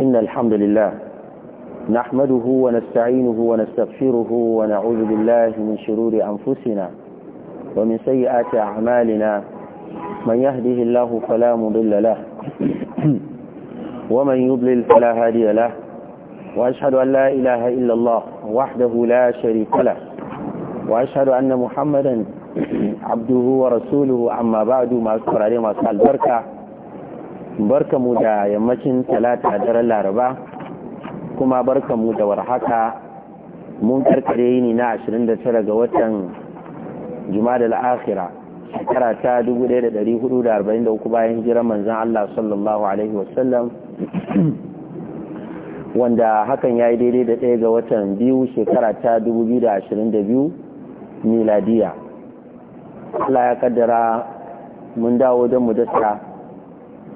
إن الحمد لله نحمده ونستعينه ونستغفره ونعوذ بالله من شرور أنفسنا ومن سيئات أعمالنا من يهده الله فلا مضل له ومن يضلل فلا هادي له وأشهد أن لا إله إلا الله وحده لا شريك له وأشهد أن محمدا عبده ورسوله أما بعد ما أكبر عليه ما البركة barkamu da yammacin talata daren laraba kuma barkamu da warhaka mun karkare yini na 29 ga watan jumada al'akhira shekara ta 1443 bayan jiran manzan Allah sallallahu Alaihi wasallam wanda hakan ya yi daidai da ɗaya ga watan biyu shekara ta 2022 miladiya Allah ya kaddara mun dawo don mu dasa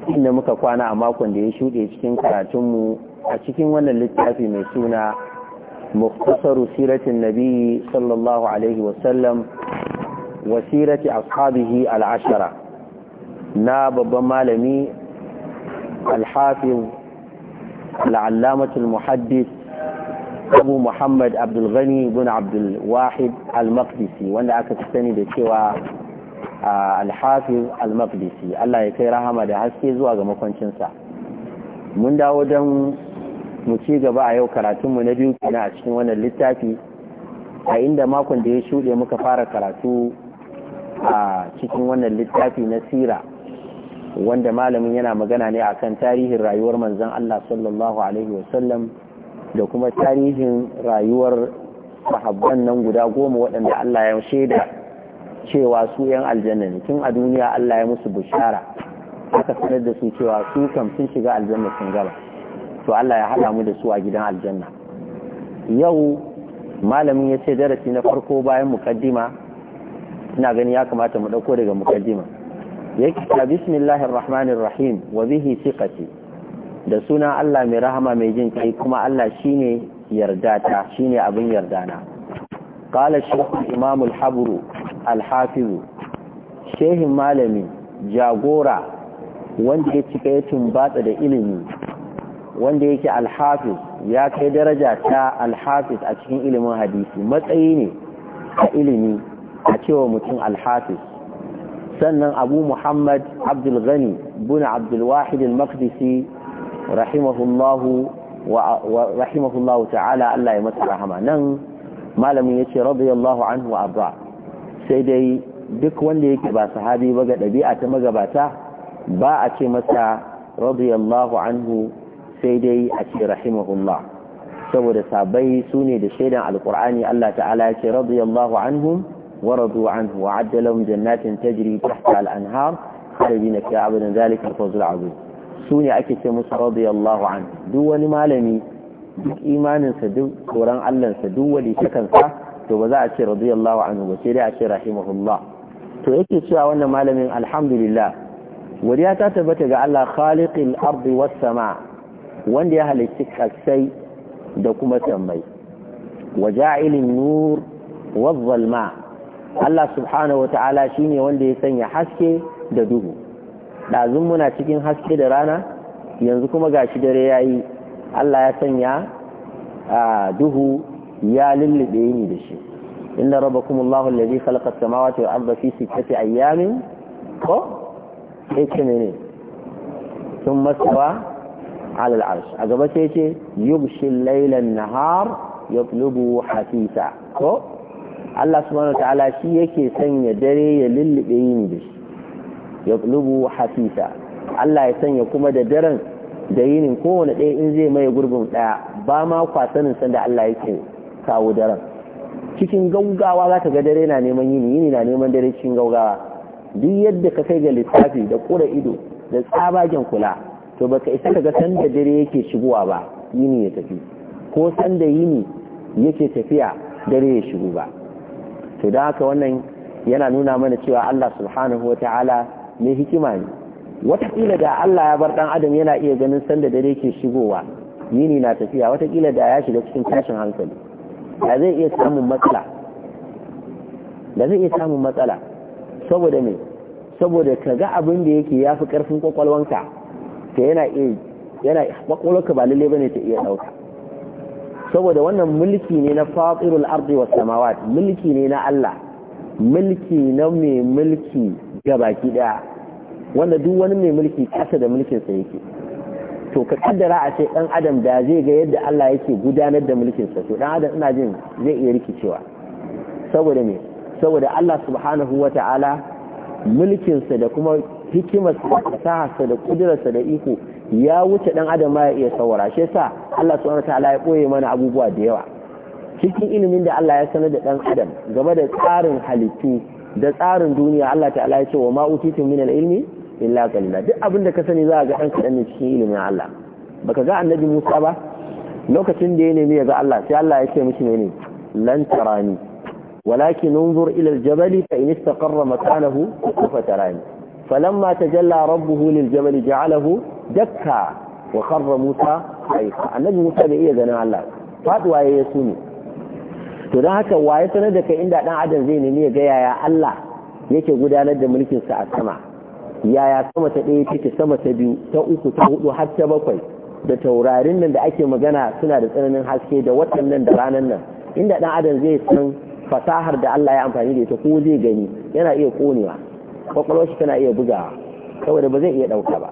inda muka kwana a makon da ya shuɗe cikin karatunmu a cikin wannan littafi mai suna muktasaru siratin nabi sallallahu alaihi wasallam wa sirati ashabihi al'ashara na babban malami alhafiz al'allamatul muhaddis abu muhammad abdulghani bin abdulwahid al-maqdisi wanda aka sani da cewa alhafiz al-maqdisi Allah ya kai rahama da haske zuwa ga makwancinsa mun dawo don mu ci gaba a yau karatunmu na biyu kina a cikin wannan littafi a inda makon da ya shuɗe muka fara karatu a cikin wannan littafi na sira wanda malamin yana magana ne akan tarihin rayuwar manzon Allah sallallahu alaihi wasallam da kuma tarihin rayuwar sahabban nan guda goma waɗanda Allah ya shaida cewa su yan aljanna ne tun a duniya Allah ya musu bishara aka sanar da su cewa su kam sun shiga aljanna sun gaba to Allah ya hada mu da su a gidan aljanna yau malamin ya ce darasi na farko bayan mukaddima ina gani ya kamata mu ɗauko daga mukaddima yake ta bismillahir rahmanir rahim wa bihi siqati da sunan Allah mai rahama mai jin kai kuma Allah shine yarda ta shine abin yarda na qala shaykh imamul habru alhafizu shehin malami jagora wanda ya cika ya tumbatsa da ilimi wanda yake alhafiz ya kai daraja ta alhafiz a cikin ilimin hadisi matsayi ne a ilimi a cewa mutum alhafiz sannan abu muhammad abdulghani buna abdulwahid al-maqdisi rahimahullahu ta'ala Allah ya masa rahama nan malamin yace radiyallahu anhu wa abba. sai dai duk wanda yake ba sahabi ba ga ɗabi'a ta magabata ba a ce masa radiyallahu anhu sai dai a ce rahimahullah saboda sabai su ne da shaidan alkur'ani Allah ta'ala ya ce radiyallahu anhu wa radu anhu wa adda lahum jannatin tajri tahta al-anhar khalidina fiha abadan zalika al-fawzul azim su ne ake ce musu radiyallahu anhu duk wani malami duk imaninsa duk tsoron allansa duk wali ta kansa to ba za a ce radiyallahu anhu ba sai dai a ce rahimahullah to yake cewa wannan malamin alhamdulillah wariya ta tabbata ga Allah khaliqil ardi was sama wanda ya halicci kasai da kuma sammai wa ja'ilin nur waz zalma Allah subhanahu wata'ala shine wanda ya sanya haske da duhu dazun muna cikin haske da rana yanzu kuma gashi dare yayi Allah ya sanya ah, duhu ya lullube ni da shi Inda raba kumullahu alladhi khalaqa as-samawati wal arda fi sittati ayyamin ko sai ce ne thumma stawa ala a gaba sai ce yubshi lailan layla an-nahar yatlubu Hafisa? ko Allah subhanahu wa ta'ala shi yake sanya dare ya lullube ni da shi yatlubu Hafisa Allah ya sanya kuma da daren da yinin kowane ɗaya in zai maye gurbin ɗaya ba ma kwasanin sanda Allah yake kawo daren cikin gaugawa za ka ga dare na neman yini yini na neman dare cikin gaugawa duk yadda ka kai ga littafi da kura ido da tsabagen kula to baka isa ka ga sanda dare yake shigowa ba yini ya tafi ko sanda yini yake tafiya dare ya shigo ba to da haka wannan yana nuna mana cewa Allah subhanahu wa ta'ala ne hikima ne watakila da Allah ya bar dan adam yana iya ganin sanda dare ke shigowa yini na tafiya watakila da ya shiga cikin tashin hankali da zai iya samun matsala da zai iya samun matsala saboda ne saboda ka ga abin da yake ya fi ƙarfin kwakwalwanka ta yana iya yana kwakwalwanka ba lalle bane ta iya ɗauka saboda wannan mulki ne na fatirul ardi wa samawat mulki ne na Allah mulki na mai mulki gabaki ɗaya, wanda duk wani mai mulki kasa da mulkin sa yake to ka kaddara a ce dan adam da zai ga yadda Allah yake gudanar da mulkin sa to dan adam ina jin zai iya rikicewa saboda me saboda Allah subhanahu wata'ala mulkin sa da kuma hikimar sa da sa da kudurar sa da iko ya wuce dan adam ma ya iya sawara shi yasa Allah subhanahu wata'ala ya koye mana abubuwa da yawa cikin ilimin da Allah ya sanar da dan adam game da tsarin halittu da tsarin duniya Allah ta'ala ya ce wa ma utitum min al-ilmi illa qalila duk abin da ka sani za ga dan kaɗan ne cikin ilimin Allah baka ga annabi Musa ba lokacin da ya nemi ya ga Allah sai Allah ya ce mishi ne lan tarani walakin unzur ila al-jabali fa in istaqarra makanahu fa tarani فلما تجلى ربه للجبل جعله دكا وخر Musa صعيقا Annabi Musa bai iya ganin Allah faduwa ya su ne to don haka waye sanar da kai inda dan adam zai nemi ya ga yaya Allah yake gudanar da mulkin sa a sama yaya sama ta ɗaya take sama ta biyu ta uku ta hudu har ta bakwai da taurarin nan da ake magana suna da tsananin haske da waɗannan da ranan nan inda ɗan adam zai san fasahar da Allah ya amfani da ita ko zai gani yana iya konewa kwakwalwar shi tana iya bugawa saboda ba zai iya ɗauka ba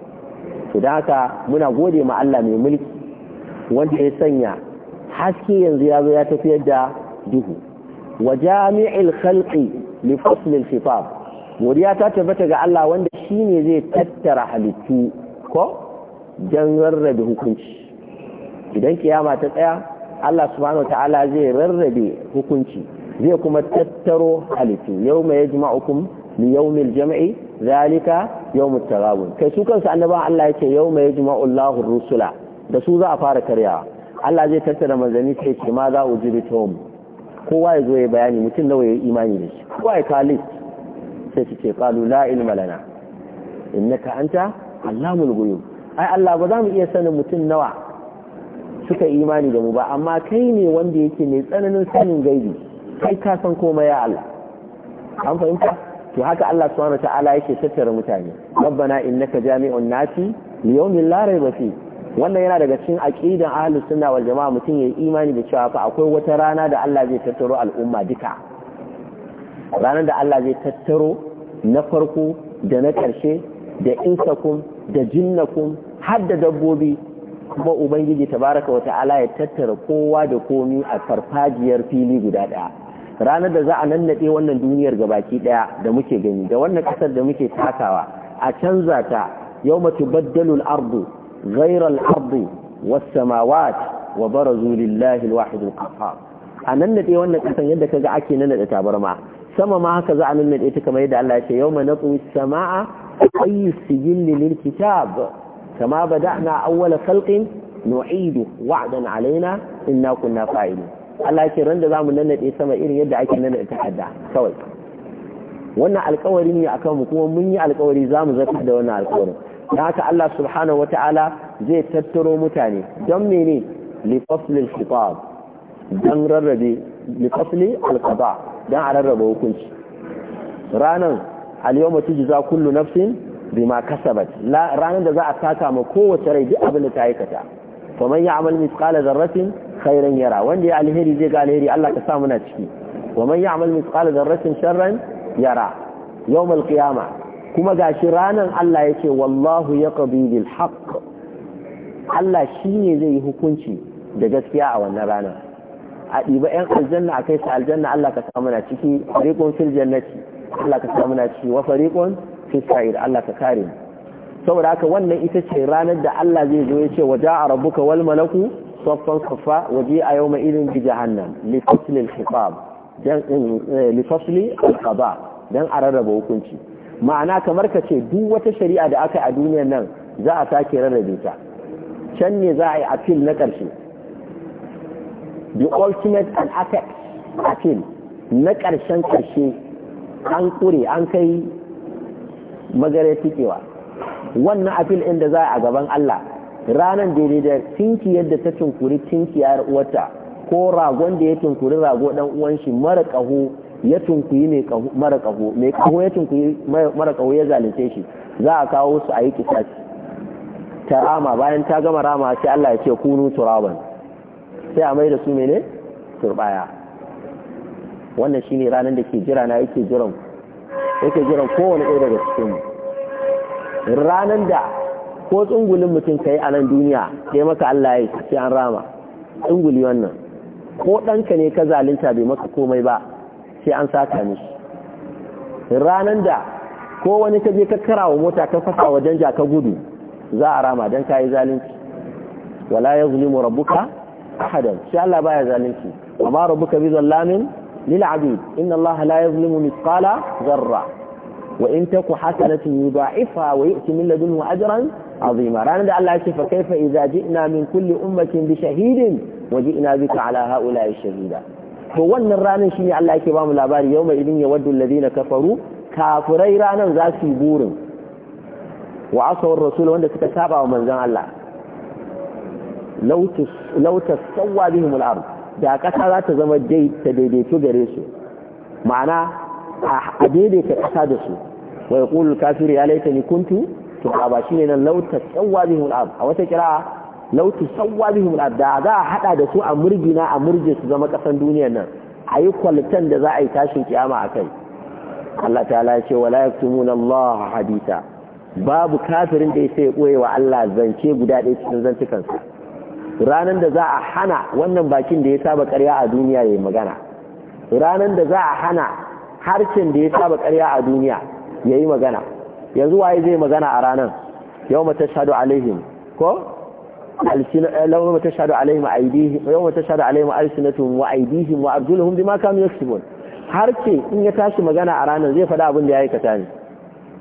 to da haka muna gode ma Allah mai mulki wanda ya sanya haske yanzu ya zo ya tafiyar da duhu wa jami'il khalqi li fasl shifaf godiya ta tabbata ga Allah wanda shi ne zai tattara halittu ko don rarrabe hukunci idan kiyama ta tsaya Allah subhanahu ta'ala zai rarrabe hukunci zai kuma tattaro halittu yau mai ya jima'ukum yau mil jama'i. zalika yau tagabun kai su kansu annabawan Allah yace yau mai ya jima'ullahu rusula da su za a fara karyawa Allah zai tattara manzanni sai ce ma za ujibitum kowa ya zo ya bayani mutum nawa ya imani da shi kowa ya kalis sai su ce la ilma lana innaka anta allamul ghuyub ai Allah ba za mu iya sanin mutum nawa suka imani da mu ba amma kai ne wanda yake mai tsananin sanin gaibi kai ka san komai ya Allah an fahimta to haka Allah subhanahu ta'ala yake tattara mutane rabbana innaka jami'un nasi li yawmin la rayba fi wannan yana daga cikin aqidan ahlus sunna wal jama'a mutum ya imani da cewa fa akwai wata rana da Allah zai tattaro al'umma duka ranar da Allah zai tattaro na farko da na ƙarshe da insakun da jinnakun har da dabbobi kuma ubangiji tabaraka wata ala ya tattara kowa da komi a farfajiyar fili guda ɗaya ranar da za a nannaɗe wannan duniyar gabaki ɗaya da muke gani da wannan ƙasar da muke takawa a canza ta yau mace baddalul ardu ghairal ardu was samawat wa barazu lillahi alwahid alqahhar a nannaɗe wannan ƙasar yadda kaga ake nannaɗe tabarma sama ma haka za a lullube ta kamar yadda Allah ya ce na naqwi samaa ayyu sijilli lil kitab kama bada'na awwala khalqin nu'idu wa'dan alaina inna kunna fa'ilin Allah ya ce ran da zamu nanade sama irin yadda ake nanade hadda kawai wannan alkawari ne akan mu kuma mun yi alkawari zamu zaka da wannan alƙawarin. dan haka Allah subhanahu wataala zai tattaro mutane don mene li fasl khitab dan rarrabe al alkaba dan a rarraba hukunci ranan al-yawma tujza kullu nafsin bima kasabat ranar da za a saka ma kowace rai duk abin da ta aikata to man ya'mal mithqala dharratin khairan yara wanda ya alheri zai ga alheri Allah ka sa muna ciki wa man ya'mal mithqala dharratin sharran yara yawmal qiyamah kuma gashi ranan Allah yake wallahu yaqdi bil haqq Allah shine zai yi hukunci da gaskiya a wannan ranar a ɗiba 'yan aljanna a kai su aljanna Allah ka samu na ciki fariƙon fil jannati Allah ka samu na ciki wa fariƙon fil sa'ir Allah ka kare mu saboda haka wannan ita ce ranar da Allah zai zo ya ce wa ja'a rabbuka wal malaku saffan saffa wa ji'a yawma idin bi jahannam li fasli al khitab dan eh, al qada dan a rarraba hukunci ma'ana kamar ka ce duk wata shari'a da aka yi a duniyar nan za a sake rarrabe ta can ne za a yi a fil na ƙarshe. the ultimate and attack appeal na ƙarshen ƙarshe an ƙure an kai magare tikewa wannan apil ɗin da za a gaban Allah ranar daidai da tinki da ta tunkuri tinkiyar uwarta ko ragon da ya tunkuri rago dan uwan shi mara ƙaho ya tunkuyi mai mara ƙaho mai ƙaho ya tunkuyi mara ƙaho ya zalunce shi za a kawo su a yi kisa ta rama bayan ta gama rama sai Allah ya ce kunu turaban sai a mai da su mene turbaya wannan shine ranar da ke jira na yake jiran yake jiran kowane ɗaya daga cikin ranar da ko tsungulin mutum ka yi a nan duniya sai maka Allah ya sai an rama tsunguli wannan ko ɗanka ne ka zalunta bai maka komai ba sai an saka mishi ranar da ko wani ka je ka kara wa mota ka fasa wa danja ka gudu za a rama don ka yi zalunci wala ya rabbuka ahadan shi Allah baya zalunci amma ka bi zallamin lil abid inna Allah la yuzlimu mitfala zarra wa in taku hasanatin yudha'ifha wa yu'ti min ladunhu ajran azima ranar da Allah ya ce fa kaifa idza ji'na min kulli ummatin bi shahidin wa ji'na bika ala ha'ula'i shahida to wannan ranar shine Allah yake bamu labari yawma idin yawaddu alladhina kafaru kafirai ranar za su yi burin wa asawar rasul wanda suka saba wa manzon Allah lauta sauwa bihim al'ard da ƙasa za ta zama ta daidaito gare su ma'ana a daidaita ƙasa da su Wai ƙulul kafir ya laitani kuntu to ba ne nan lauta sauwa bihim al'ard a wata kira lauta sauwa bihim al'ard da za a hada da su a murgina a murje su zama ƙasan duniyar nan A yi kwalitan da za a yi tashin kiyama kai. Allah Ta ya ce wala yaktumuna Allah hadita babu kafirin da ya sai koyewa Allah zance guda ɗaya cikin zantukansa ranar da za a hana wannan bakin da ya saba ƙarya a duniya ya yi magana ranar da za a hana harshen da ya saba ƙarya a duniya ya yi magana yanzu waye zai magana a ranar yau mata shaɗu alaihim ko yau mata shaɗu alaihim a yau wa aidihim wa arjuluhum bima kanu yaksubun harshe in ya tashi magana a ranar zai faɗa abin da ya aikata ne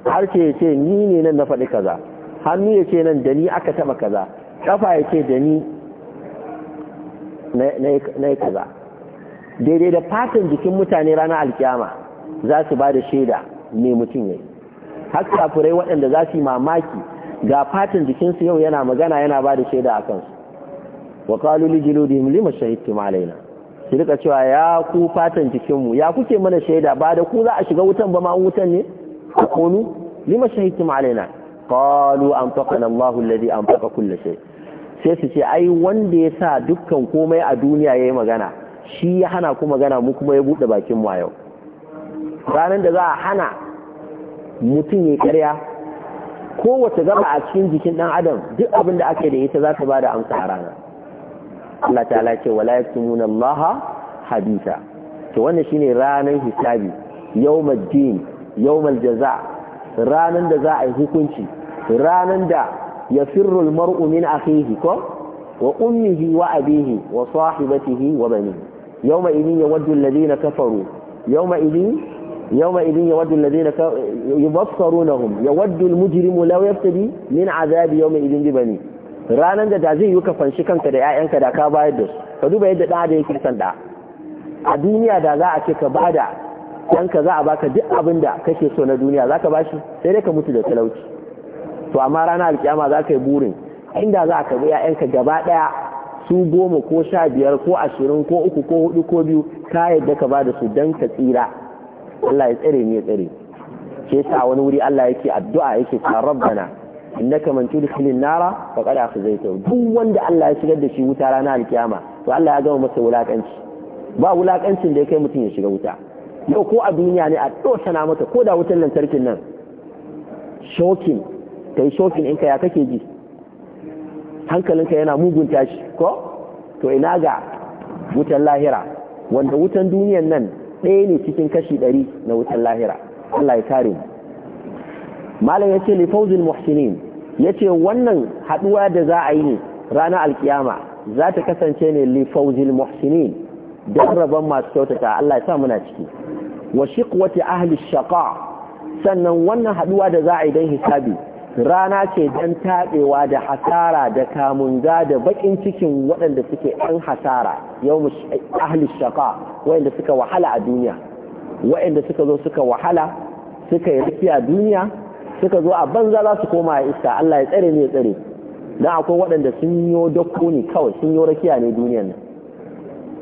harshe ya ce ni ne nan na faɗi kaza hannu ya ce nan da ni aka taɓa kaza kafa ya ce da ni na yi kaza daidai da fatan jikin mutane ranar alkiyama za su ba da shaida me mutum ya yi har kafirai waɗanda za su yi mamaki ga fatan jikinsu yau yana magana yana ba da shaida a kansu wa qalu li juludihim lima shahidtum alaina su rika cewa ya ku fatan jikinmu ya kuke mana shaida ba da ku za a shiga wutan ba ma wutan ne nu lima shahidtum alaina qalu anfaqana Allahu alladhi anfaqa kull shay' sai su ce ai wanda ya sa dukkan komai a duniya ya yi magana shi ya hana ku magana mu kuma ya buɗe bakin mu a yau ranar da za a hana mutum ya karya kowace gaba a cikin jikin ɗan adam duk abin da ake da ita za ta ba amsa a rana Allah ta'ala ce wala yaktumuna Allah hadisa to wannan shine ranar hisabi yawmal din yawmal jaza ranar da za a yi hukunci ranar da يفر المرء من أخيه كو وأمه وأبيه وصاحبته وبنيه يومئذ يود الذين كفروا يومئذ يومئذ يود الذين يبصرونهم يود المجرم لو يبتدي من عذاب يومئذ ببنيه ranan da da zai yi ka fanshi kanka da ƴaƴanka da ka bayar da su ka duba yadda da da yake san da a duniya da za a ce ka bada yanka za a baka duk abin da kake so na duniya za ka bashi sai dai ka mutu da talauci to amma ranar alkiyama za ka yi burin inda za ka bi 'ya'yanka gaba ɗaya su goma ko sha biyar ko ashirin ko uku ko hudu ko biyu ka yadda ka ba da su don ka tsira Allah ya tsare ne ya tsare ke sa wani wuri Allah yake addu'a yake ta rabbana innaka man tudkhilin nara faqad akhzaytahu duk wanda Allah ya shigar da shi wuta ranar alkiyama to Allah ya gama masa wulakanci ba wulakancin da ya kai mutum ya shiga wuta yau ko a duniya ne a sana mata, ko da wutan lantarkin nan shokin Kai yi shopping ɗinka ya kake ji hankalinka yana mugun tashi ko to ina ga wutan lahira wanda wutan duniyan nan ɗaya ne cikin kashi ɗari na wutan lahira Allah ya kare mu malam ya ce lifauzin muhsinin ya ce wannan haɗuwa da za a yi ne ranar alkiyama za ta kasance ne lifauzin muhsinin don rabon masu kyautata Allah ya sa muna ciki wa shiqwati ahli shaqa sannan wannan haɗuwa da za a yi don hisabi rana ce don taɓewa da hasara da kamunga da baƙin cikin waɗanda suke ɗan hasara yau ahli shaka waɗanda suka wahala a duniya waɗanda suka zo suka wahala suka yi rufi a duniya suka zo a banza za su koma a iska Allah ya tsare ne ya tsare don akwai waɗanda sun yi dokko ne kawai sun yi rakiya ne duniyan nan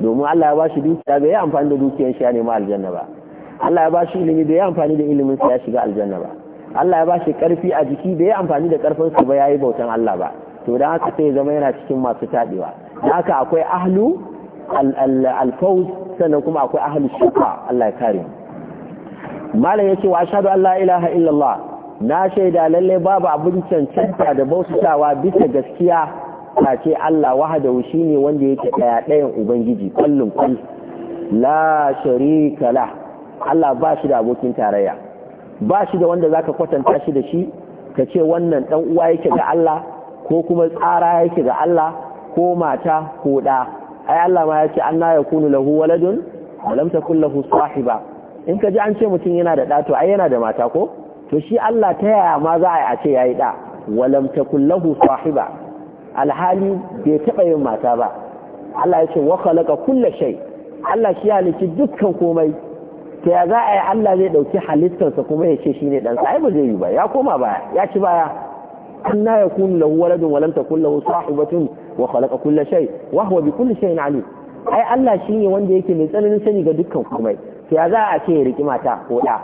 domin Allah ya ba shi dukiya ga yi amfani da dukiyan shi ya nema aljanna ba Allah ya ba shi ilimi da yi amfani da ilimin sa ya shiga aljanna ba Allah ya ba shi karfi a jiki da ya amfani da karfin sa ba yayi bautan Allah ba to dan haka sai zama yana cikin masu tadewa dan haka akwai ahlu al sannan kuma akwai ahlu shuka Allah ya kare malam yace wa ashhadu Allah ilaha illallah na shaida lalle babu abin cancanta da bautawa bisa gaskiya ce Allah wahdahu ne wanda yake daya dayan ubangiji kullum kullum la sharika la Allah ba shi da abokin tarayya ba shi da wanda za ka kwatanta shi da shi ka ce wannan ɗan uwa yake ga Allah ko kuma tsara yake ga Allah ko mata ko da ai Allah ma ya ce ya kunu lahu waladun wa lam takul lahu sahiba in ka ji an ce mutum yana da ɗa, to ai yana da mata ko to shi Allah ta yaya ma za a yi a ce yayi da wa lam takul lahu sahiba alhali bai taɓa yin mata ba Allah ya ce wa khalaqa kulla shay Allah shi ya halici dukkan komai ta ya za a yi Allah zai ɗauki halittarsa kuma ya ce shi ne ɗansa ai ba zai yi ba ya koma baya ya ci baya an na ya kun lahu waladun walam ta kun lahu sahibatun wa khalaqa kulla shay wa huwa bi kulli shay'in alim ai Allah shi ne wanda yake mai tsananin sani ga dukkan komai ta ya za a ce ya riki mata ko Ya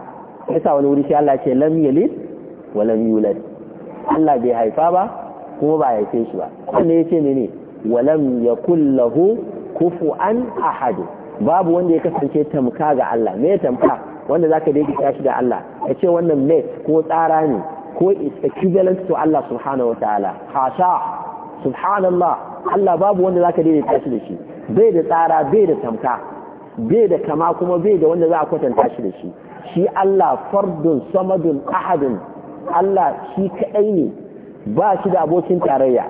yasa wani wuri sai Allah ce lam yalid wa lam yulad Allah bai haifa ba kuma ba haife shi ba wanda ce ne ne walam ya yakul lahu kufuwan ahadu babu wanda ya kasance tamka ga Allah me ya tamka wanda zaka daidaita shi da Allah ya ce wannan me ko tsara ne ko is equivalent to Allah subhanahu wataala hasha subhanallah Allah babu wanda zaka daidaita shi da shi bai da tsara bai da tamka bai da kama kuma bai da wanda za a kwatanta shi da shi shi Allah fardun samadun ahadun Allah shi kadai ne ba shi da abokin tarayya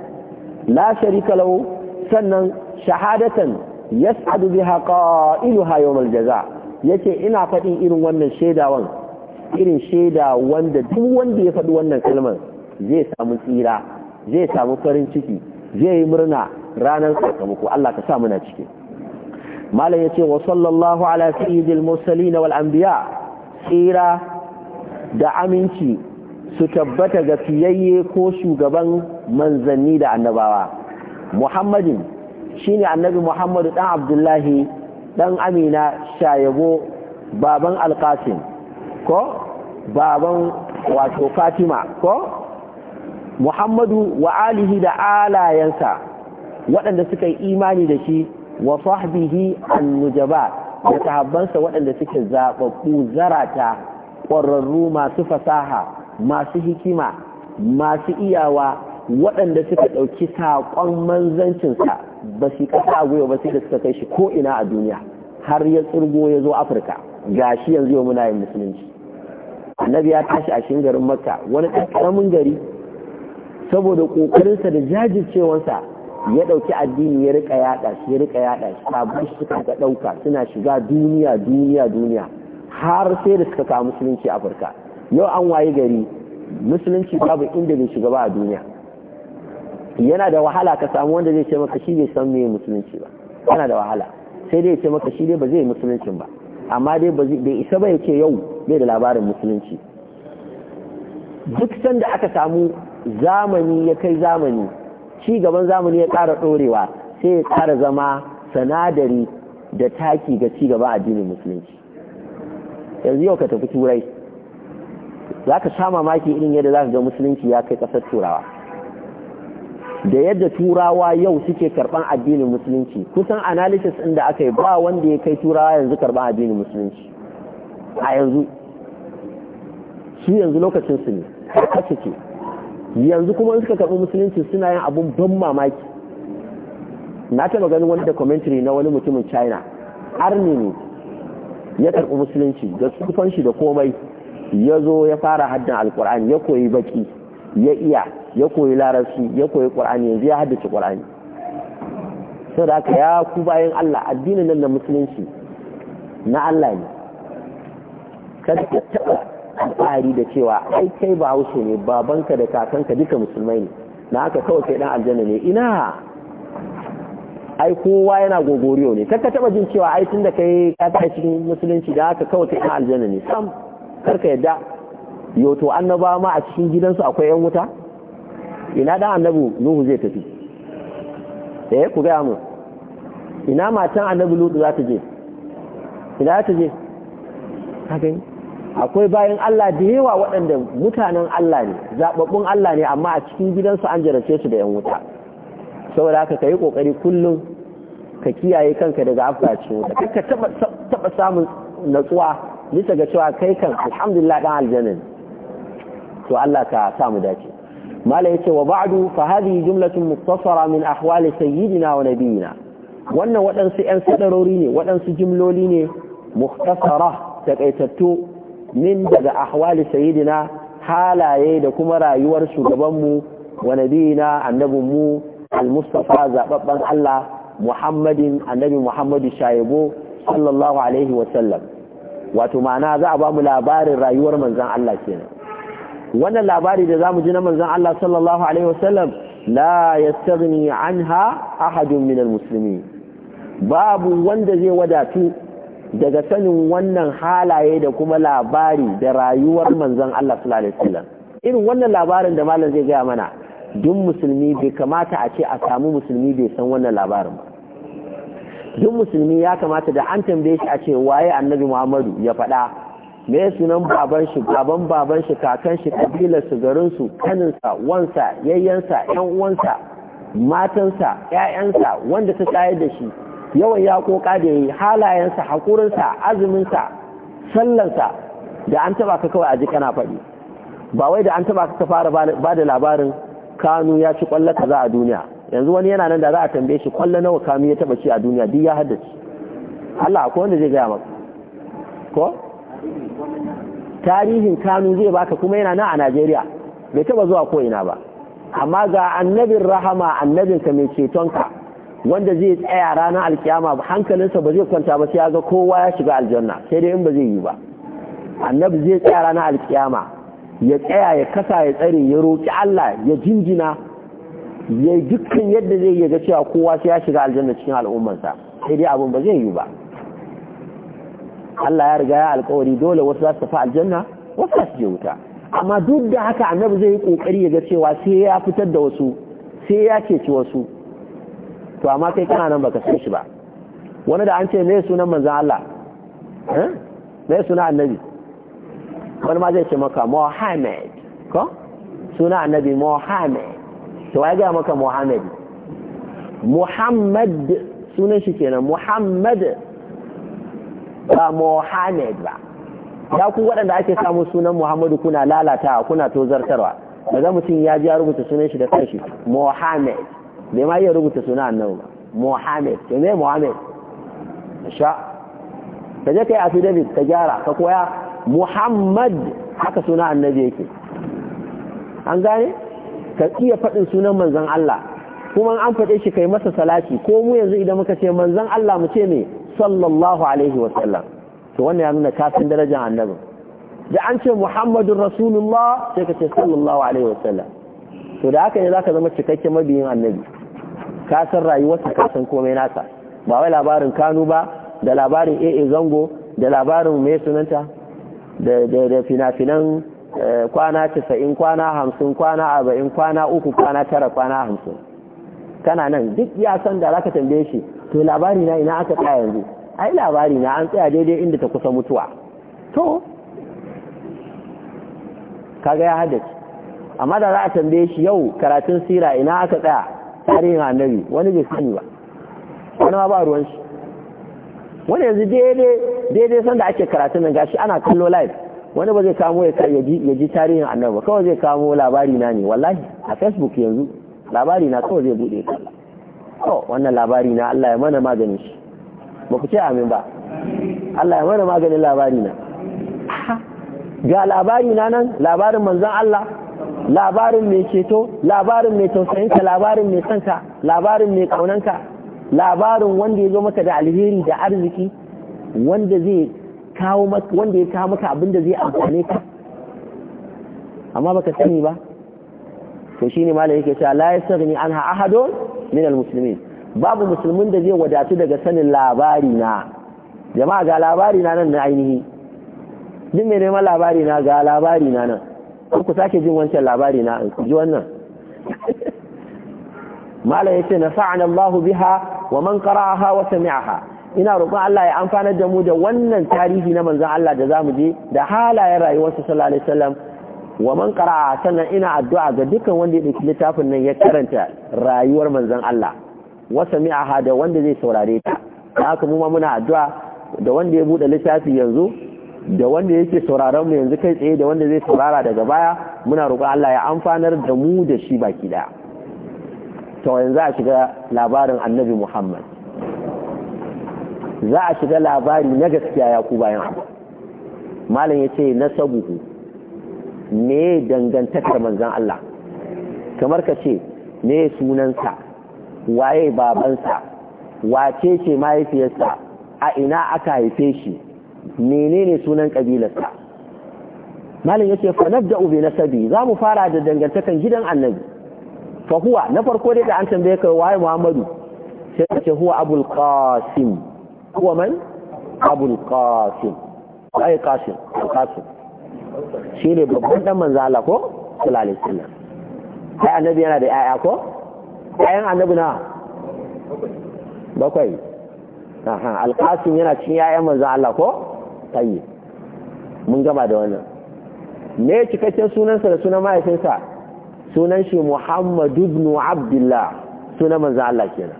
la sharika lahu sannan shahadatan yas'adu biha qailuha yawm al-jaza yace ina faɗin irin wannan shaidawan irin shaida wanda duk wanda ya faɗi wannan kalmar zai samu tsira zai samu farin ciki zai yi murna ranar sakamako Allah ka sa muna ciki malam yace wa sallallahu ala sayyidil mursalin wal anbiya tsira da aminci su tabbata ga fiyayye ko shugaban manzanni da annabawa muhammadin shine annabi muhammadu ɗan abdullahi ɗan amina shayabo baban Alƙasim ko baban wato fatima ko muhammadu wa alihi da alayensa waɗanda suka yi imani da shi wa sahbihi annujaba da sahabbansa waɗanda suke zaɓaɓɓu zarata ƙwararru masu fasaha masu hikima masu iyawa waɗanda suka ɗauki saƙon manzancinsa ba su kasa a gwiwa ba sai da suka kai shi ko ina a duniya har ya tsirgo ya zo afirka ga shi yanzu yau muna yin musulunci annabi ya tashi a shin garin makka wani ƙaramin gari saboda ƙoƙarinsa da jajircewarsa ya ɗauki addini ya riƙa yaɗa shi ya riƙa yaɗa shi sabon shi suka ɗauka suna shiga duniya duniya duniya har sai da suka kawo musulunci afirka yau an wayi gari musulunci babu inda bai shiga ba a duniya yana da wahala ka samu wanda zai ce maka shi bai san me musulunci ba yana da wahala sai dai ya ce maka shi dai ba zai yi musuluncin ba amma dai bai isa ba ya ce yau bai da labarin musulunci duk sanda aka samu zamani ya kai zamani ci gaban zamani ya kara ɗorewa sai ya kara zama sanadari da taki ga ci gaban addinin musulunci yanzu yau ka tafi turai za ka sha mamaki irin yadda za ka ga musulunci ya kai ƙasar turawa da yadda turawa yau suke karban addinin musulunci kusan analysis ɗin da aka yi ba wanda ya kai turawa yanzu karban addinin musulunci a yanzu su yanzu lokacin su ne haka ce yanzu kuma in suka karɓi musulunci suna yin abun ban mamaki na taɓa ganin wani documentary na wani mutumin china arni ne ya karɓi musulunci da tsufan shi da komai ya zo ya fara haddan alkur'ani ya koyi baki ya iya ya koyi larabci ya koyi qur'ani yanzu ya haddace qur'ani da haka ya ku bayan Allah addinin nan na musulunci na Allah ne kada ka taɓa alfahari da cewa ai kai ba haushe ne babanka da kakanka duka musulmai ne na haka kawai sai dan aljanna ne ina ai kowa yana gogoriyo ne kar ka taɓa jin cewa ai tun da kai ka cikin musulunci da aka kawai sai dan aljanna ne sam kar yadda yo to annaba ma a cikin gidansu akwai yan wuta ina dan annabi nuhu zai tafi eh ku gaya mu ina matan annabi lutu za ta je ina ta je ka gani akwai bayan Allah da yawa waɗanda mutanen Allah ne zababbun Allah ne amma a cikin gidansu an jarace su da yan wuta saboda haka kai kokari kullum ka kiyaye kanka daga afgacin wuta ka taba taba samun natsuwa ni ga cewa kai kan alhamdulillah dan aljanna to Allah ka sa mu dace mala yace wa ba'du fa hadhihi jumlatun muktasara min ahwali sayyidina wa nabiyina wannan waɗansu ƴan sadarori ne waɗansu jimloli ne muktasara takaitattu min daga ahwali sayyidina halaye da kuma rayuwar shugabanmu wa nabiyina annabinmu al-mustafa zababban Allah muhammadin annabi muhammadu shaibo sallallahu alaihi sallam. wato ma'ana za a ba mu labarin rayuwar manzon Allah kenan wannan labari da zamu ji na manzon Allah sallallahu alaihi wasallam la yastaghni anha ahadun min almuslimin babu wanda zai wadatu daga sanin wannan halaye da kuma labari da rayuwar manzon Allah sallallahu alaihi wasallam irin wannan labarin da malam zai gaya mana duk musulmi bai kamata a ce a samu musulmi bai san wannan labarin ba duk musulmi ya kamata da an tambaye shi a ce waye annabi Muhammadu ya faɗa me sunan baban shi baban baban shi kakan shi kabilar su garin kaninsa wansa yayyansa yan uwansa matansa ƴaƴansa wanda ta tsayar da shi yawan ya koka da yayi halayensa hakurinsa azuminsa sallansa da an taba ka kawai a ji kana faɗi ba wai da an taba ka fara ba da labarin kanu ya ci kwallo kaza a duniya yanzu wani yana nan da za a tambaye shi kwallo nawa kanu ya taba ci a duniya duk ya haddace Allah akwai wanda zai gaya maka ko tarihin kanu zai baka kuma yana nan a najeriya bai taba zuwa ko ina ba amma ga annabin rahama annabinka mai cetonka wanda zai tsaya ranar alkiyama hankalinsa ba zai kwanta ba sai ya ga kowa ya shiga aljanna sai dai in ba zai yi ba annabi zai tsaya ranar alkiyama ya tsaya ya kasa ya tsare ya roƙi Allah ya jinjina ya dukkan yadda zai ga cewa kowa sai ya shiga aljanna cikin al'ummarsa sai dai abin ba zai yi ba Allah ya riga ya alƙawari dole wasu za su tafi aljanna wasu za su je wuta amma duk da haka annabi zai yi kokari ya ga cewa sai ya fitar da wasu sai ya ceci wasu to amma kai kana nan baka san shi ba wani da an ce me sunan manzon Allah eh me sunan annabi wani ma zai ce maka Muhammad ko suna annabi Muhammad to ai ga maka Muhammad Muhammad sunan shi kenan Muhammad ba Muhammad ba Ya ku waɗanda ake samu sunan Muhammadu kuna lalata kuna tozartarwa za mutum ya ji ya rubuta sunan shi da kanshi Mohamed. me ma iya rubuta sunan annabi ba Mohamed. Ke ne Mohamed? sha ka je kai affidavit ka gyara ka koya Muhammad haka sunan annabi yake an gane ka iya faɗin sunan manzon Allah kuma an faɗe shi kai masa salati ko mu yanzu idan muka ce manzon Allah mu ce me sallallahu alaihi wa sallam to wannan ya nuna kafin darajar annabi da an ce muhammadun rasulullah sai ka ce sallallahu alaihi wa sallam to da haka ne zaka zama cikakken mabiyin annabi ka san rayuwar ka san komai nasa ba wai labarin kanu ba da labarin AA zango da labarin mai sunanta da fina-finan eh, kwana 90 kwana hamsin kwana arba'in kwana uku kwana tara kwana hamsin kana nan duk ya san da zaka tambaye shi to labari na ina aka tsaya yanzu ai labari na an tsaya daidai inda ta kusa mutuwa to kaga ya haddace amma da za a tambaye shi yau karatun sira ina aka tsaya tarihin annabi wani bai sani ba wani ma ba ruwan shi wani yanzu daidai daidai sanda ake karatun nan gashi ana kallo live wani ba zai kamo ya ji ya ji tarihin annabi kawai zai kamo labari na ne wallahi a facebook yanzu labari na kawai zai bude kalla to wannan labari na Allah ya mana maganin shi ba ku ce amin ba Allah ya mana maganin labari na ga labari na nan labarin manzon Allah labarin mai ceto labarin mai tausayinka labarin mai sanka labarin mai kaunanka labarin wanda ya zo maka da alheri da arziki wanda zai kawo maka wanda ya kawo maka abin da zai amfane ka amma baka sani ba to shine malai yake cewa la yasaghni anha ahadun min almuslimin babu musulmin da zai wadatu daga sanin labari na jama'a ga labari na nan na ainihi duk mai ma labari na ga labari na nan ku sake jin wancan labari na ku ji wannan mala yace nafa'ana Allahu biha wa man qara'aha wa sami'aha ina roƙon Allah ya amfana da mu da wannan tarihi na manzon Allah da zamu je da halayen rayuwarsa sallallahu alaihi wasallam wa man qara'a sannan ina addu'a ga dukkan wanda ya littafin nan ya karanta rayuwar manzon Allah wa sami'a da wanda zai saurare ta haka mu ma muna addu'a da wanda ya bude littafi yanzu da wanda yake sauraron mu yanzu kai tsaye da wanda zai saurara daga baya muna roƙon Allah ya amfanar da mu da shi baki daya to yanzu a shiga labarin Annabi Muhammad za a shiga labari na gaskiya ya ku bayan abu malam yace nasabuhu me dangantakar manzan Allah kamar ka ce me sunansa waye babansa wace ce mahaifiyarsa a ina aka haife shi menene sunan kabilarsa malin yace fa nabda'u bi nasabi za mu fara da dangantakan gidan annabi fa huwa na farko dai da an tambaye ka waye muhammadu sai ce huwa abul qasim huwa man abul qasim ai qasim qasim shi ne babban ɗan manzala Allah ko sallallahu alaihi sai annabi yana da 'ya'ya ko Ya'yan annabi na bakwai aha alqasim yana cin 'ya'yan manzo Allah ko tayi mun gama da wannan me cikakken sunansa da sunan mahaifinsa sunan shi Muhammadu ibn Abdullah sunan manzo Allah kenan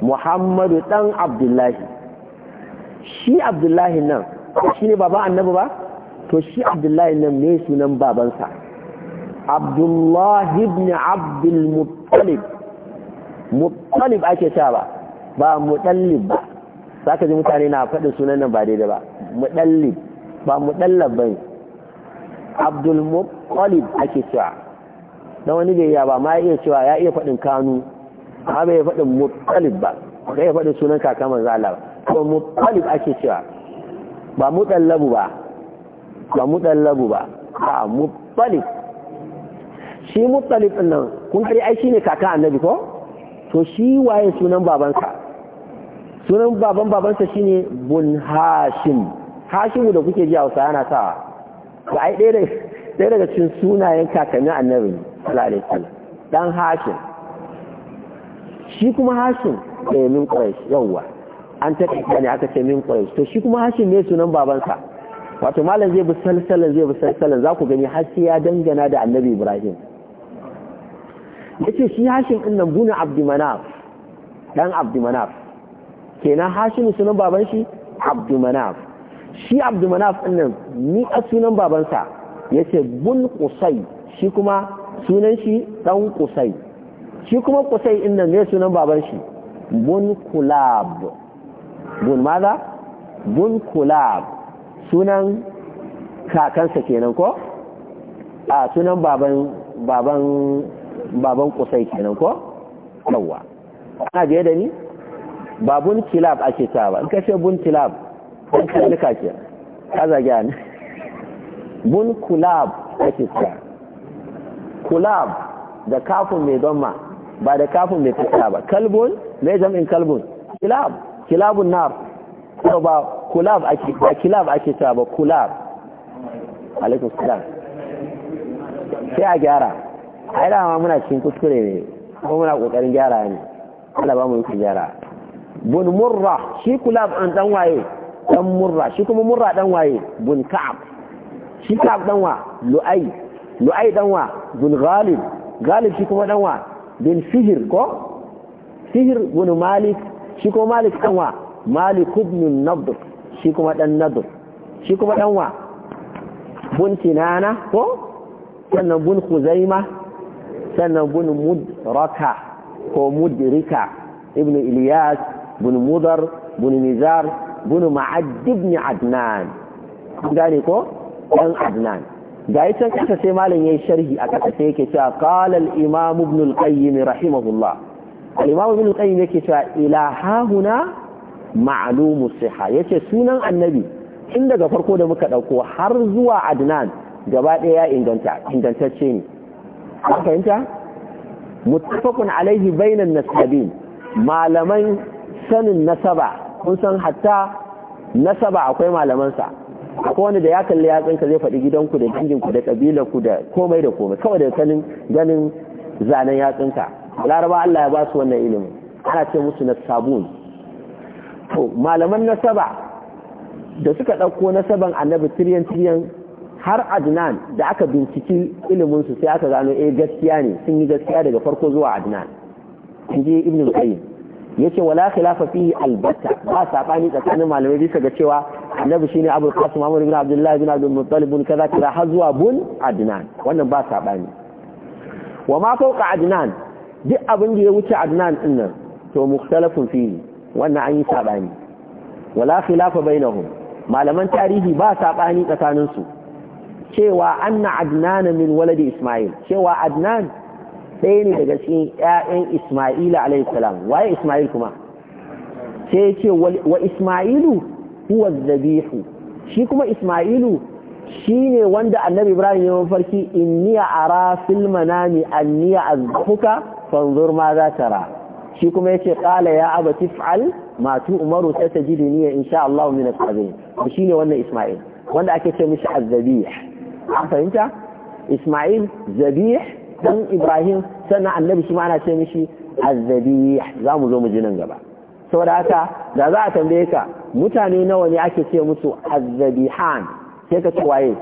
Muhammadu dan Abdullahi shi Abdullahi nan shi ne baban annabi ba to shi abdullahi nan ne sunan babansa abdullahi ibn abdul muttalib muttalib ake cewa ba ba mutallib ba saka ji mutane na faɗin sunan nan ba daidai ba mutallib ba mutallab bane abdul muttalib ake cewa dan wani da ya ba ma iya cewa ya iya faɗin kanu amma bai iya faɗin muttalib ba bai iya faɗin sunan kaka manzo Allah ba to muttalib ake cewa ba mutallabu ba ba mutallabu ba a muttalib shi muttalib din nan kun kare ai shine kaka annabi ko to shi waye sunan babansa sunan baban babansa shine bun hashim hashim da kuke ji a wasa yana sa ba ai ɗaya daga cikin sunayen kakannin annabi sallallahu alaihi wasallam dan hashim shi kuma hashim ne eh, min quraish yawa an ta ne aka ce min quraish to shi kuma hashim ne sunan babansa wato malam zai bi salsalan zai bi salsalan za ku gani har sai ya dangana da annabi ibrahim yace shi hashim din nan buna abdumanaf dan abdumanaf kenan hashim sunan baban shi abdumanaf shi abdumanaf din nan ni a sunan babansa yace bun qusay shi kuma sunan shi dan qusay shi kuma qusay din nan ne sunan baban shi bun kulab bun maza bun kulab sunan kakansa kenan ko a sunan baban baban baban kusai kenan ko yawa ana biye da ni babun kilab ake ta ba in ka ce bun kilab ɗan karnuka ke ka zage ni bun kulab ake ta kulab da kafin mai don ma ba da kafin mai fita ba kalbun mai jam'in kalbun kilab kilabun nar ko ba kulab ake ba kilab ake cewa ba kulab alaikum salam sai a gyara ai dama muna cikin kuskure ne kuma muna kokarin gyara ne Allah ba mu yi gyara bun murra shi kulab an dan waye dan murra shi kuma murra dan waye bun ka'ab shi ka'ab dan wa lu'ai lu'ai dan wa bun ghalib ghalib shi kuma dan wa bin sihir ko sihir bun malik shi kuma malik dan wa malik ابن النضر shi kuma dan nadur shi kuma dan wa bun Tinana ko sannan bun kuzaima sannan bun mudraka ko mudrika ibn ilyas bun mudar bun nizar bun ma'ad ibn adnan gane ko dan adnan ga yi can kasa sai malam yi sharhi a kasa sai yake cewa kalal al imam ibn al qayyim rahimahullah al imam ibn al qayyim yake cewa ila hahuna ma'lumu siha ce sunan annabi tun daga farko da muka ɗauko har zuwa adnan gaba ɗaya ya inganta ingantacce ne fahimta muttafaqun alaihi bainan nasabin malaman sanin nasaba kun san hatta nasaba akwai malamansa. sa akwai wanda da ya kalli ya tsinka zai faɗi gidanku da danginku da ƙabilarku da komai da komai kawai da sanin ganin zanen yatsunka laraba Allah ya ba su wannan ilimin ana ce musu na sabun to malaman nasaba da suka ɗauko nasaban annabi tiryan-tiryan har adnan da aka binciki iliminsu sai aka gano eh gaskiya ne sun yi gaskiya daga farko zuwa adnan inji ibn al-qayyim yace wala khilafa fihi albatta ba sabani tsakanin malamai bisa ga cewa annabi shine abu qasim amr ibn abdullah ibn abdul muttalib ibn kaza kaza har zuwa bun adnan wannan ba sabani wa ma fawqa adnan duk abin da ya wuce adnan din nan to mukhtalafun fihi wannan an yi saɓani wala khilafa nahu. malaman tarihi ba saɓani tsakaninsu cewa anna adnan min waladi isma'il cewa adnan ɗaya ne daga cikin 'ya'yan isma'ila alayhi salam waye isma'il kuma sai ce wa isma'ilu huwa zabihu shi kuma isma'ilu shi ne wanda annabi ibrahim ya mafarki inni ara fil manami anniya azbuka fanzur ma za tara shi kuma yace qala ya abati fa'al ma tu'maru satajiduni insha Allah min as shi shine wannan Isma'il wanda ake ce mishi az-zabih an fahimta Isma'il zabih dan Ibrahim sannan annabi shi ma ana ce mishi az-zabih mu zo mu ji nan gaba saboda haka da za a tambaye ka mutane nawa ne ake ce musu az-zabihan ka ce waye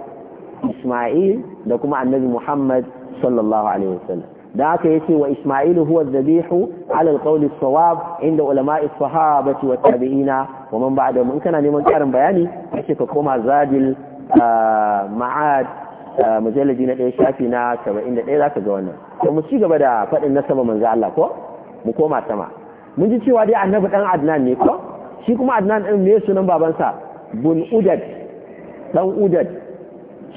Isma'il da kuma annabi Muhammad sallallahu alaihi wasallam da aka yace wa isma'ilu huwa dhabihu ala alqawli sawab inda ulama'i sahabati wa tabi'ina wa man ba'da mun kana neman karin bayani sai ka koma zadil ah, ma'ad ah, mujalladi na ɗaya shafi na 71 zaka ga wannan to mu ci gaba da faɗin nasaba manzo Allah ko mu koma sama mun ji cewa dai annabi dan Adnan ne ko shi kuma Adnan din ne sunan babansa bun udad dan udad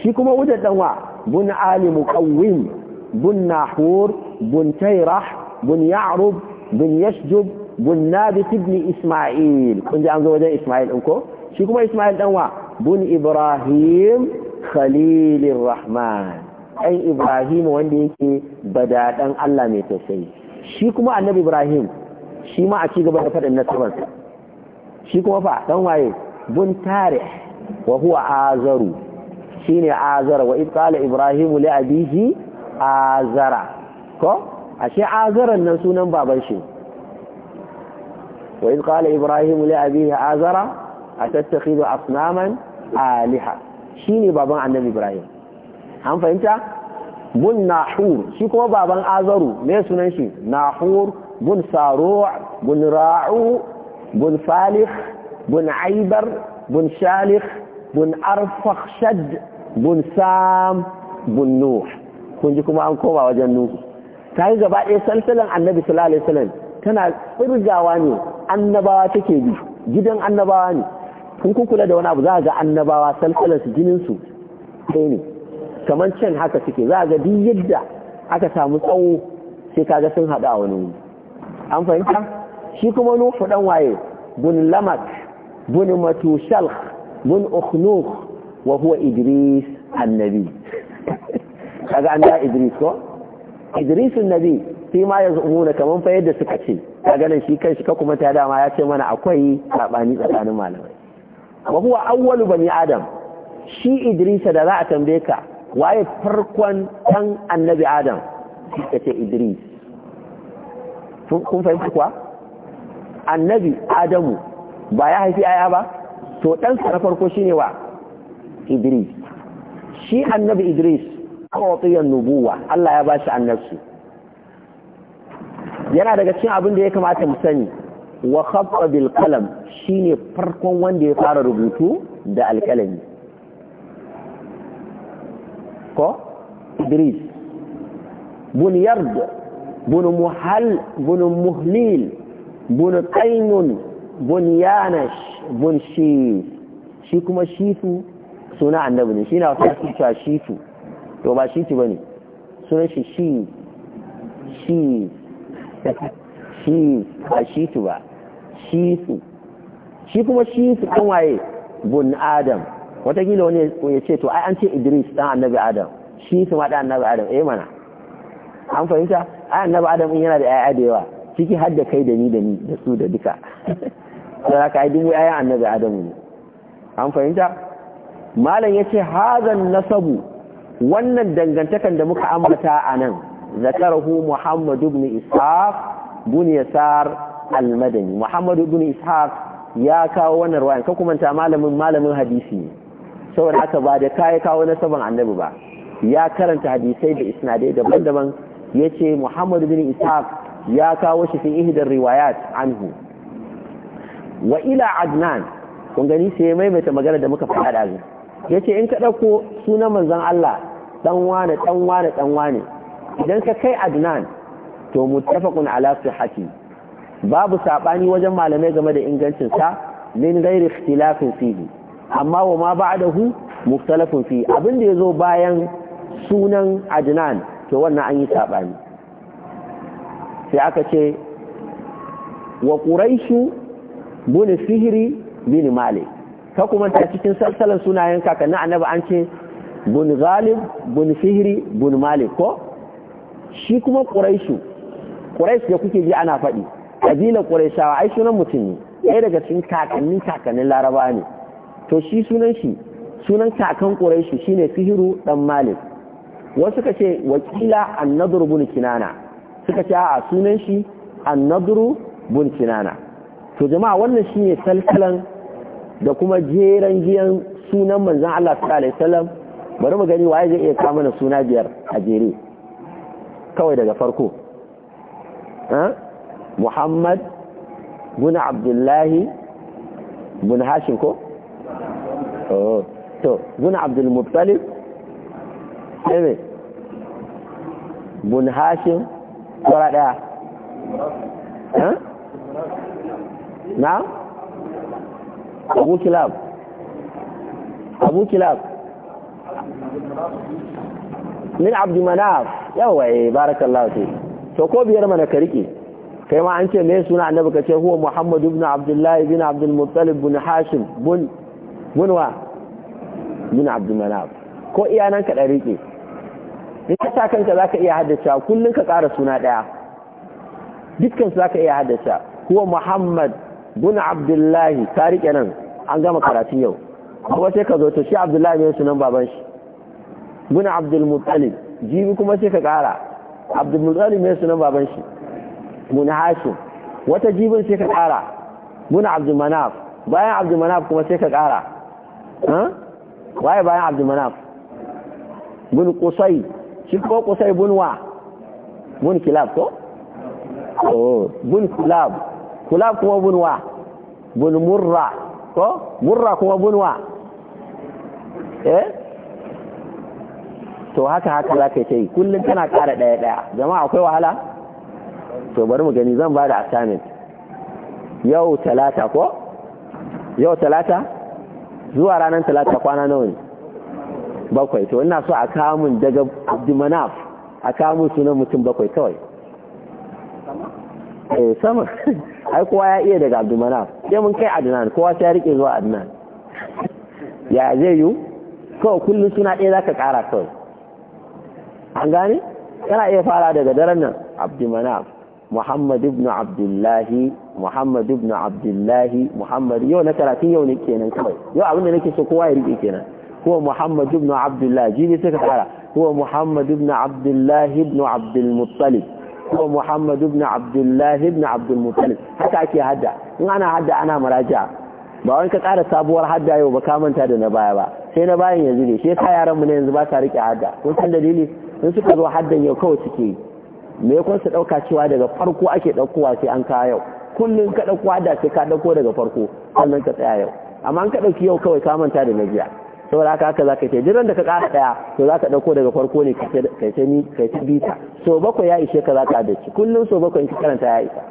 shi kuma udad dan wa bun ali muqawwim بن ناحور بن تيرح بن يعرب بن يشجب بن نابت بن إسماعيل كنت أنظر وجه إسماعيل أنكو شكما إسماعيل أنواع بن إبراهيم خليل الرحمن أي إبراهيم وندي بدأت أن الله ميتسي شكما النبي إبراهيم شما أشيك بنفر النسبة شكما فأحتوى بن تارح وهو آزر شيني آزر وإذ قال إبراهيم لأبيه azara ko ashe azaran nan sunan baban shi wa iz qala ibrahim li abihi azara atattakhidhu asnaman aliha shine baban annabi ibrahim an fahimta bun nahur shi kuma baban azaru me sunan shi nahur bun saru' bun ra'u bun salih bun aibar bun shalih bun arfakhshad bun sam bun nuh kun ji kuma an koma wajen nuhu ta yi gaba ɗaya salsalan annabi sallallahu alaihi wasallam tana tsirgawa ne annabawa take bi gidan annabawa ne kun kukula da wani abu za ga annabawa salsalan su jinin su sai ne kamar can haka suke za ga duk yadda aka samu tsawo sai kaga sun haɗu a wani wuri an fahimta shi kuma nufu dan waye bun lamak bun matushalh bun ukhnuh wa huwa idris annabi kaga an da Idris ko Idris annabi shi ma ya zuumuna kaman fa yadda suka ce kaga nan shi shi ka kuma ta dama ya ce mana akwai sabani tsakanin malamai wa huwa awwalu bani adam shi Idris da za a tambaye ka waye farkon dan annabi adam ka ce Idris kun fahimta kuwa annabi Adamu ba ya haifi aya ba to ɗansa na farko shine wa Idris shi annabi Idris uqtiya nubuwa Allah ya ba shi annabci yana daga cikin abin da ya kamata mu sani wa khaffa bil qalam shine farkon wanda ya fara rubutu da alkalami ko Idris bun bun muhal bun muhlil bun qainun bun yanash bun shi shi kuma shifu suna annabi ne shi na wasu shifu to ba shi ci bane sunan shi shi shi shi ba shi tu ba shi su shi kuma shi su kan waye bun adam watakila wani ya ce to ai an ce idris dan annabi adam shi su ma dan annabi adam eh mana an fahimta ai annabi adam in yana da yaya da yawa ciki har da kai da ni da ni da su da duka sai aka ai dubu yayan annabi adam ne an fahimta malam yace hazan nasabu wannan dangantakan da muka ambata a nan zakarahu muhammadu ibn ishaq bin yasar al-madani muhammadu ibn ishaq ya kawo wannan ruwayan ka kuma ta malamin malamin hadisi saboda haka ba da kai kawo na saban annabi ba ya karanta hadisai da isnadai daban-daban yace muhammadu ibn ishaq ya kawo shi fi ihdar riwayat anhu wa ila adnan kun gani sai mai maimaita magana da muka faɗa da ya ce in ka ɗauko sunan Manzon Allah ɗan wane ɗan wane ɗan wane idan ka kai adnan to muttafaqun ala sihhati babu saɓani wajen malamai game da ingancin sa min ghairi ikhtilafin fihi amma wa ma ba'dahu muftalafun fihi Abinda da zo bayan sunan adnan to wannan an yi saɓani. sai aka ce wa quraishu sihiri sihri bin malik ka kuma ta cikin salsalan sunayen kakannin annabi an ce bun ghalib bun fihri bun malik ko shi kuma quraishu quraish da kuke ji ana faɗi kabila quraishawa ai sunan mutum ne ɗaya daga cikin kakannin kakannin laraba ne to shi sunan shi sunan kakan quraishu shine fihiru dan malik wasu suka ce wakila annadru bun kinana suka ce a sunan shi annadru bun kinana to jama'a wannan shine salsalan da kuma jeran giyan sunan manzan Allah su alaihi salam bari mu gani waye zai iya kama mana suna biyar a jere kawai daga farko Muhammad guna Abdullahi bin hashin ko oh to guna Abdul Muttalib sai bin hashin tsara daya na abu kilab abu kilab min abdu manaf yawa eh barakallahu fi to ko biyar mana ka rike kai ma an ce me suna annabi ka ce huwa muhammad ibn abdullah ibn abdul muttalib ibn hashim bun bunwa min abdu manaf ko iya nan ka rike in ka sa kanka zaka iya haddace kullun ka ƙara suna daya dukkan su zaka iya haddace huwa muhammad ibn abdullah ka nan an gama karatun yau kuma sai ka zo ta, shi abdullahi ne sunan baban shi bin abdulmuttalib jibi kuma sai ka kara abdulmuttalib ne sunan baban shi bin Hashi. wata jibin sai ka kara bin abdulmanaf bayan abdulmanaf kuma sai ka kara waye bayan abdulmanaf bin kusai shi ko kusai bin wa bin kilab ko oh, bun kulab kulab kuma bin wa bin murra ko gurra kuma bunwa eh to haka haka za ka yi ta yi kullum tana kara ɗaya ɗaya jama'a akwai wahala to bari mu gani zan ba da assignment yau talata ko yau talata zuwa ranar talata kwana nawa ne bakwai to ina so a kawo mun daga abdumanaf a kawo sunan mutum bakwai kawai eh sama ai kowa ya iya daga abdulmanaf sai mun kai adnan kowa sai ya rike zuwa adnan ya zai yiwu kawai kullum suna ɗaya za ka ƙara kawai an gane kana iya fara daga daren nan abdulmanaf muhammad ibn abdullahi muhammad ibn abdullahi muhammad yau na karatun yau ne kenan kawai yau abinda nake so kowa ya rike kenan Kuwa Muhammad ibn Abdullahi jini sai ka fara, kuwa Muhammad ibn Abdullahi ibn بن عبد wa Muhammad ibn Abdullah ibn Abdul Muttalib haka ake hadda in ana hadda ana muraja ba wani ka ƙara sabuwar hadda yau ba ka manta da na baya ba sai na bayan yanzu ne sai ka yaran mu ne yanzu ba sa rike hadda kun san dalili in suka zo haddan yau kawai suke yi me kun su dauka cewa daga farko ake daukowa sai an kawo yau kullun ka dauko hadda sai ka dauko daga farko sannan ka tsaya yau amma an ka dauki yau kawai ka manta da na jiya saboda haka haka ka ce jiran da ka ƙara daya to za ka dauko daga farko ne ka ce ni kai ta bita so bakwai ya ishe ka za ka adalci kullum so bakwai ki karanta ya isa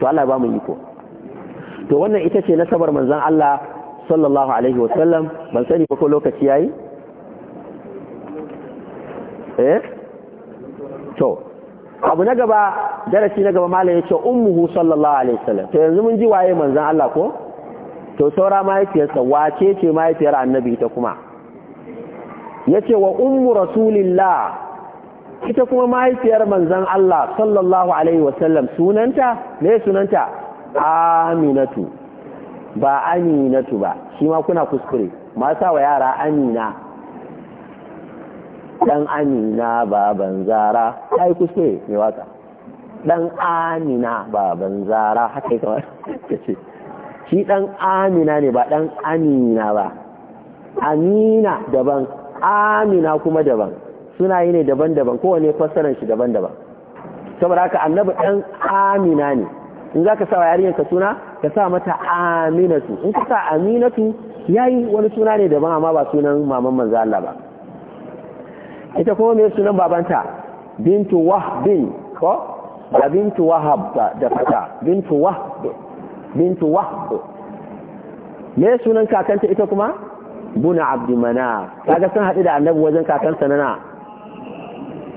to Allah ba mu iko to wannan ita ce nasabar manzon Allah sallallahu alaihi wa sallam ban sani ba ko lokaci yayi eh to abu na gaba darasi na gaba malam ya ce ummuhu sallallahu alaihi wa sallam to yanzu mun ji waye manzon Allah ko to saura mahaifiyarsa wace ce mahaifiyar annabi ta kuma ya ce wa ummu rasulillah ita kuma mahaifiyar manzan Allah sallallahu alaihi wasallam sunanta me sunanta aminatu ba aminatu ba shi ma kuna kuskure Ma sa wa yara amina dan amina baban zara ai kuskure me waka dan amina baban zara haka ka ce shi ɗan amina ne ba ɗan amina ba amina daban amina kuma daban suna yi ne daban-daban kowane fassarar shi daban-daban saboda haka annabi ɗan amina ne in za ka sa wa yarinyar ka suna ka sa mata aminatu in ka sa aminatu ya yi wani suna ne daban amma ba sunan maman manzo Allah ba ita kuma mai sunan babanta bintu wahbin ko da bintu wahab da fata bintu wahb bintu wahb me sunan kakanta ita kuma buna abdu manaf kaga sun haɗu da annabi wajen kakanta na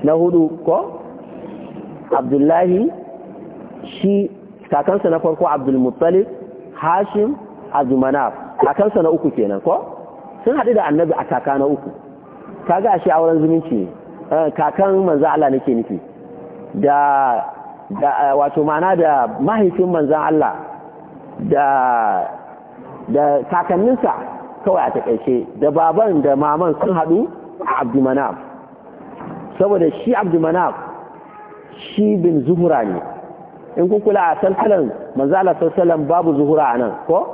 na hudu ko abdullahi shi kakansa na farko abdul muttalib hashim abdu manaf kakansa na uku kenan ko sun haɗu da annabi a kaka na uku kaga ashe auren zumunci eh, kakan manzo Allah nake nufi da wato ma'ana da mahaifin manzan Allah da takanninsa kakanninsa kawai a takaice da baban da maman sun haɗu a abdumanaf saboda shi abdumanaf shi bin zuhura ne in kun kula a salsalan manzala salsalan babu zuhura a nan ko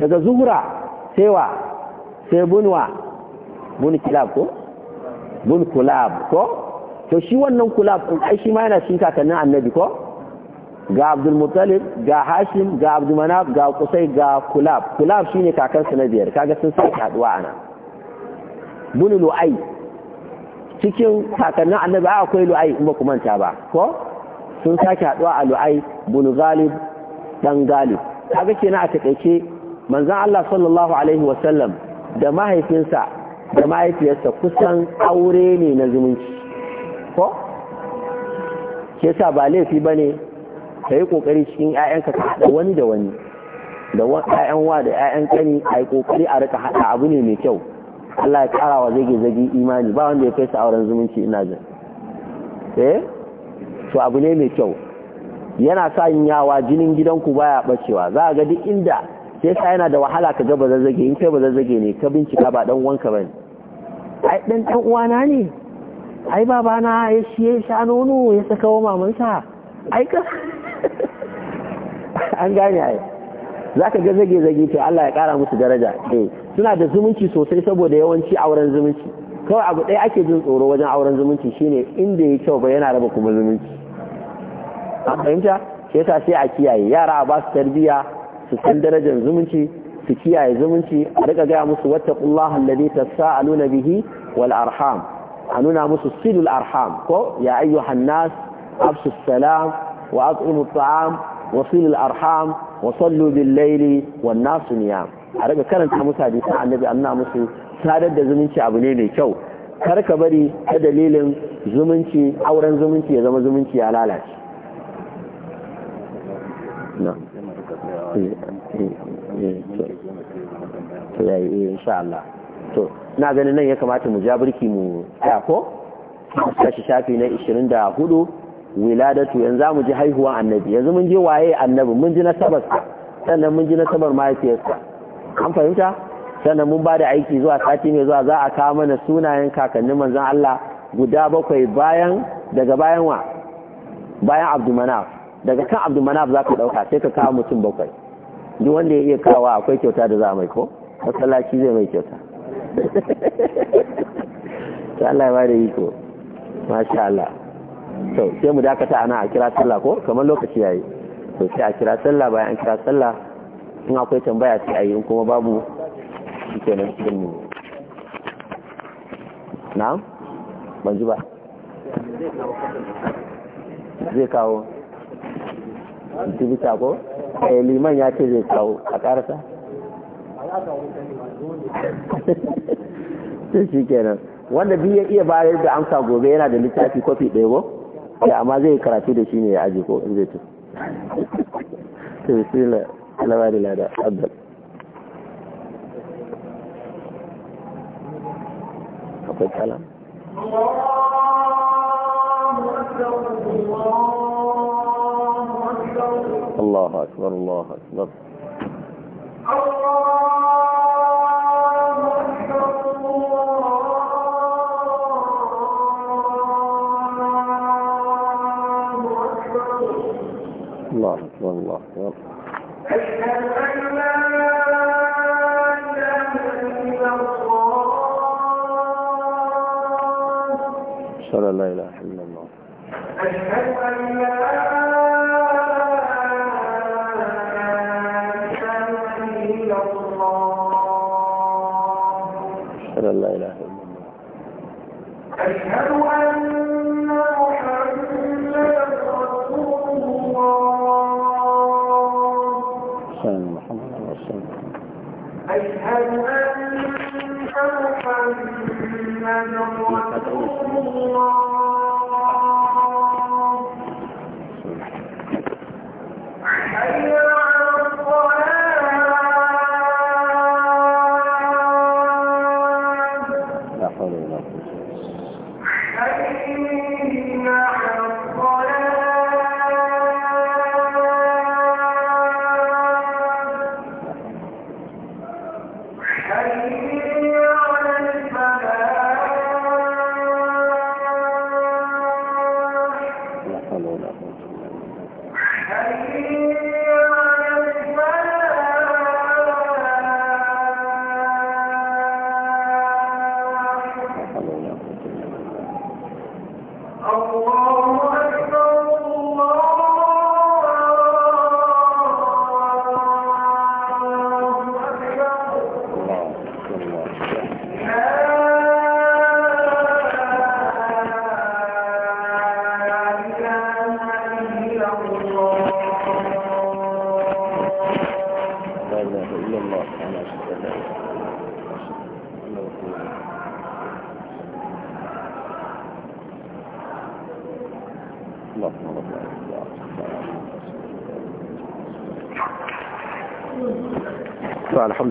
daga zuhura sai bunwa bun kilab ko bun kulab ko to shi wannan kulab ai shi ma yana shi kakannin annabi ko ga abdulmutalib ga hashim ga abdulmanaf ga kusai ga kulab kulab shine kakansu na biyar kaga sun sake haduwa ana bunu lu'ai cikin kakannin annabi akwai lu'ai in ba ku manta ba ko sun sake haduwa a lu'ai bunu galib dan galib kaga kenan a takaice manzon Allah sallallahu alaihi wa sallam da mahaifinsa da mahaifiyarsa kusan aure ne na zumunci ko ke sa ba laifi bane ka yi kokari cikin ƴaƴanka ka haɗa wani da wani da ƴaƴan wa da ƴaƴan kani a yi kokari a rika haɗa abu ne mai kyau Allah ya ƙara wa zage zage imani ba wanda ya kai sa auren zumunci ina jin eh to abu ne mai kyau yana sa yin yawa jinin gidanku baya bacewa za a ga duk inda sai sa yana da wahala ka ga ba zage, in kai ba zage ne ka bincika ba dan wanka bane ai dan dan uwana ne ai babana ya shi ya sha nono ya saka wa mamansa ai ka an gane ai za ka ga zage-zage to Allah ya kara musu daraja eh suna da zumunci sosai saboda yawanci auren zumunci kawai abu ɗaya ake jin tsoro wajen auren zumunci shine inda ya kyau ba yana raba kuma zumunci an fahimta shi yasa sai a kiyaye yara a ba su tarbiya su san darajar zumunci su kiyaye zumunci a rika gaya musu wattaqullaha alladhi tasaaluna bihi wal arham a nuna musu silul arham ko ya ayyuhan nas afsu salam وأطعموا الطعام وصلوا الأرحام وصلوا بالليل والناس نيام a raga karanta musu hadisan annabi an musu sadar da zumunci abu ne mai kyau kar ka bari ta dalilin zumunci auren zumunci ya zama zumunci ya lalace eh, eh, eh, to na ganin nan ya kamata mu ja birki mu ko tashi shafi na 24 wiladatu yanzu za mu ji haihuwan annabi yanzu mun ji waye annabi mun ji nasabarsa sannan mun ji nasabar mahaifiyarsa an fahimta sannan mun ba da aiki zuwa sati mai zuwa za a kawo mana sunayen kakannin manzon Allah guda bakwai bayan daga bayan wa bayan Abdulmanaf daga kan Abdulmanaf za ka ɗauka sai ka kawo mutum bakwai duk wanda ya iya kawo akwai kyauta da za a mai ko masallaci zai mai kyauta Allah ya ba da iko masha Allah sai mu dakata ana a kira sallah ko kamar lokaci yayi to sai a kira sallah bayan an kira sallah in akwai tambaya sai ayi in kuma babu nan cikin mu na'am banji ba zai kawo jibita ko eh liman ya ce zai kawo a karasa sai shi kenan wanda biyu ya iya bayar da amsa gobe yana da littafi kofi ɗaya ko amma zai yi karatu da shi ne ya aji ko in zai ci alama da lada akwai kalam الله أكبر الله أكبر والله والله أن لا الله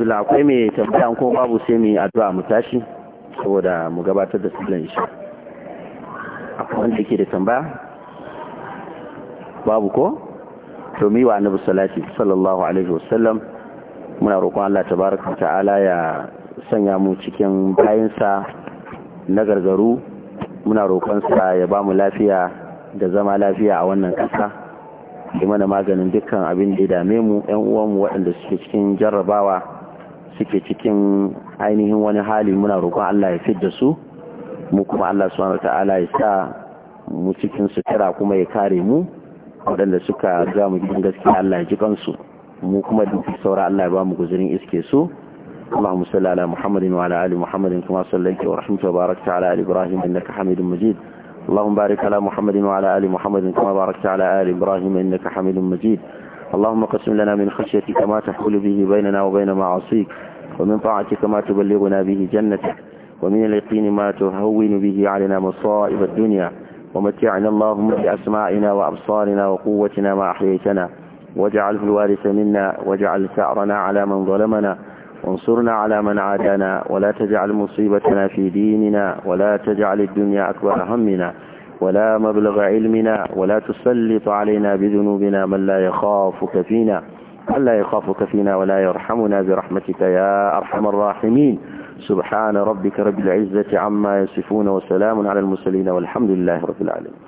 alhamdulillah akwai mai tambaya ko babu sai mu addu'a mu tashi saboda mu gabatar da sallan isha akwai wanda yake da tambaya babu ko to mi wa annabi salati sallallahu alaihi wasallam muna roƙon Allah tabaraka ta'ala ya sanya mu cikin bayinsa na gargaru muna roƙon sa ya ba mu lafiya da zama lafiya a wannan ƙasa da mana maganin dukkan abin da ya dame mu yan uwanmu waɗanda suke cikin jarrabawa suke cikin ainihin wani hali muna roƙon Allah ya fidda su mu kuma Allah subhanahu wataala ya sa mu cikin sutura kuma ya kare mu waɗanda suka ga mu cikin gaskiya Allah ya ji kansu mu kuma da saura Allah ya ba mu guzurin iske su اللهم صل على محمد وعلى ال محمد كما صليت ورحمت وباركت على ال ابراهيم انك حميد مجيد اللهم بارك على محمد وعلى ال محمد كما باركت على ال ابراهيم انك حميد مجيد اللهم قسم لنا من خشيتك ما تحول به بيننا وبين معاصيك ومن طاعتك ما تبلغنا به جنتك ومن اليقين ما تهون به علينا مصائب الدنيا ومتعنا اللهم بأسماعنا وأبصارنا وقوتنا ما أحييتنا واجعله الوارث منا واجعل ثأرنا على من ظلمنا وانصرنا على من عادانا ولا تجعل مصيبتنا في ديننا ولا تجعل الدنيا أكبر همنا ولا مبلغ علمنا ولا تسلط علينا بذنوبنا من لا يخافك فينا من لا يخافك فينا ولا يرحمنا برحمتك يا أرحم الراحمين سبحان ربك رب العزة عما يصفون وسلام على المرسلين والحمد لله رب العالمين